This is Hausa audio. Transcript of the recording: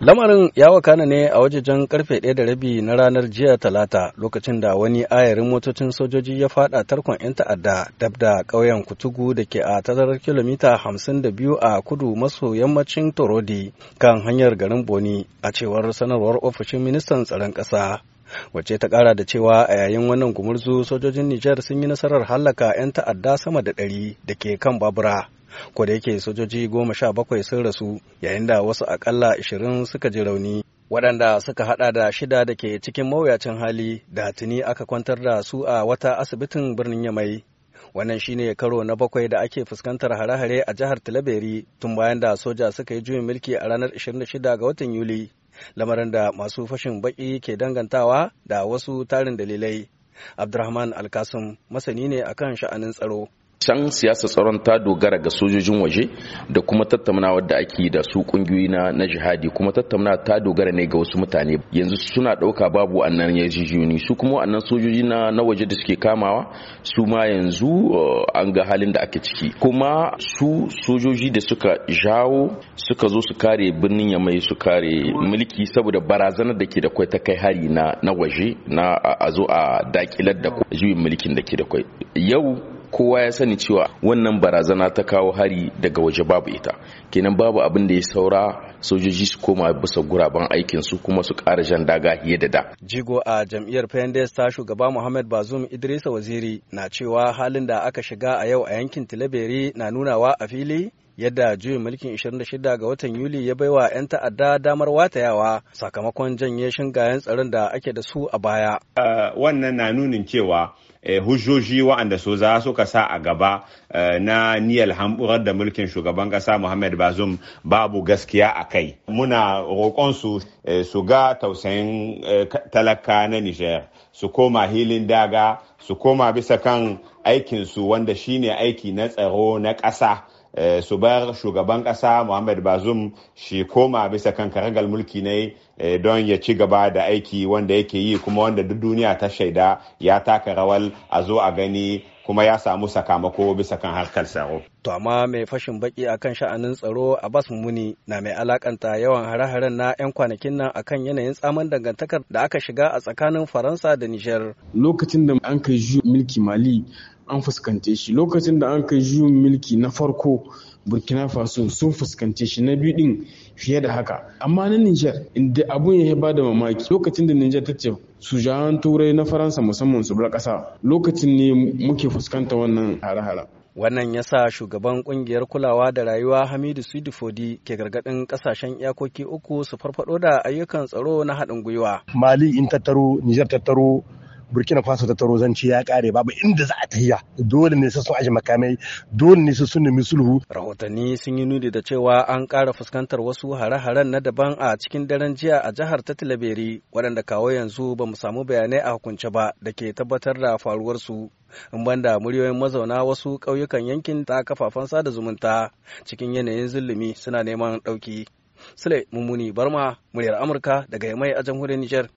Lamarin ya wakana ne a wajejen karfe ɗaya da rabi na ranar jiya talata lokacin da wani ayarin motocin sojoji ya fada tarkon 'yan ta'adda dab da ƙauyen Kutugu da ke a tazarar kilomita hamsin da biyu a kudu maso yammacin Torodi kan hanyar garin Boni a cewar sanarwar ofishin ministan tsaron ƙasa. wacce ta kara da cewa a yayin wannan gumurzu sojojin Nijar sun yi nasarar hallaka 'yan ta'adda sama da ɗari da ke kan babura ko da yake sojoji goma sha bakwai sun rasu yayin da wasu akalla ashirin suka ji rauni waɗanda suka hada da shida da ke cikin mawuyacin hali da tuni aka kwantar da su a wata asibitin birnin yamai wannan shine karo na bakwai da ake fuskantar hare-hare a jihar talaberi tun bayan da soja suka yi juyin mulki a ranar 26 ga watan yuli lamarin da masu fashin baki ke dangantawa da wasu tarin dalilai abdurrahman alkasim masani ne akan sha'anin tsaro can siyasa tsaron ta dogara ga sojojin waje da kuma tattaunawa da ake da su kungiyoyi na na jihadi kuma tattaunawa ta dogara ne ga wasu mutane yanzu suna ɗauka babu wannan yarjejiyoni su kuma annan sojoji na waje da suke kamawa su ma yanzu uh, an ga halin da ake ciki kuma su sojoji da suka jawo suka zo su kare birnin ya mai su kare mulki saboda barazanar da ke da kwai ta kai hari na na waje na a zo a dakilar da juyin mulkin da ke da kwai yau kowa ya sani cewa wannan barazana ta kawo hari daga waje babu ita kenan babu abin da ya saura sojoji su koma bisa guraben aikin su kuma su ƙara jan daga fiye da da jigo a jam'iyyar pendes ta shugaba muhammad bazum idrisa waziri na cewa halin da aka shiga a yau a yankin tilaberi na nunawa a fili yadda juyin mulkin 26 ga watan Yuli ya baiwa 'yan ta'adda damar watayawa sakamakon janye shingayen tsaron da ake da su a baya. Wannan na nunin cewa eh, hujjoji wa'anda so za suka sa a gaba eh, na niyyar hamburar da mulkin shugaban kasa Muhammad bazum babu gaskiya a kai. Muna roƙonsu su eh, su ga tausayin talaka na niger su koma hilin daga su koma bisa kan aikinsu wanda shine aiki na tsaro na ƙasa. Eh, su bar shugaban ƙasa Muhammad bazum shi koma bisa kan karagal mulki ne eh, don ya ci gaba da aiki wanda yake yi kuma wanda duk duniya ta shaida ya taka rawal a zo a gani kuma ya samu sakamako bisa kan harkar tsaro. To amma mai fashin baki akan sha'anin tsaro Abbas Muni na mai alakanta yawan hare-haren na 'yan kwanakin nan akan yanayin tsaman dangantakar da aka shiga a tsakanin Faransa da Nijar. Lokacin da an kai ju mulki Mali an fuskante shi lokacin da an kai juyin mulki na farko burkina faso sun fuskance shi na biyu din fiye da haka amma na niger inda abun ya ba da mamaki lokacin da niger ta ce su jahan turai na faransa musamman su bar kasa lokacin ne muke fuskanta wannan hare hara wannan ya sa shugaban kungiyar kulawa da rayuwa hamidu sidifodi ke gargadin kasashen iyakoki uku su farfado da ayyukan tsaro na haɗin gwiwa mali in tattaro niger tattaro burkina faso ta taro zanci ya kare babu inda za a tahiya dole ne su sun makamai dole ne su sun nemi sulhu rahotanni sun yi nuni da cewa an kara fuskantar wasu hare-haren na daban a cikin daren jiya a jihar ta tilaberi waɗanda kawo yanzu ba mu samu bayanai a hukunce ba da ke tabbatar da faruwarsu in banda muryoyin mazauna wasu ƙauyukan yankin ta kafafen sada zumunta cikin yanayin zulumi suna neman ɗauki. Sule Mummuni Barma, muryar Amurka daga Yamai a jamhuriyar Nijar.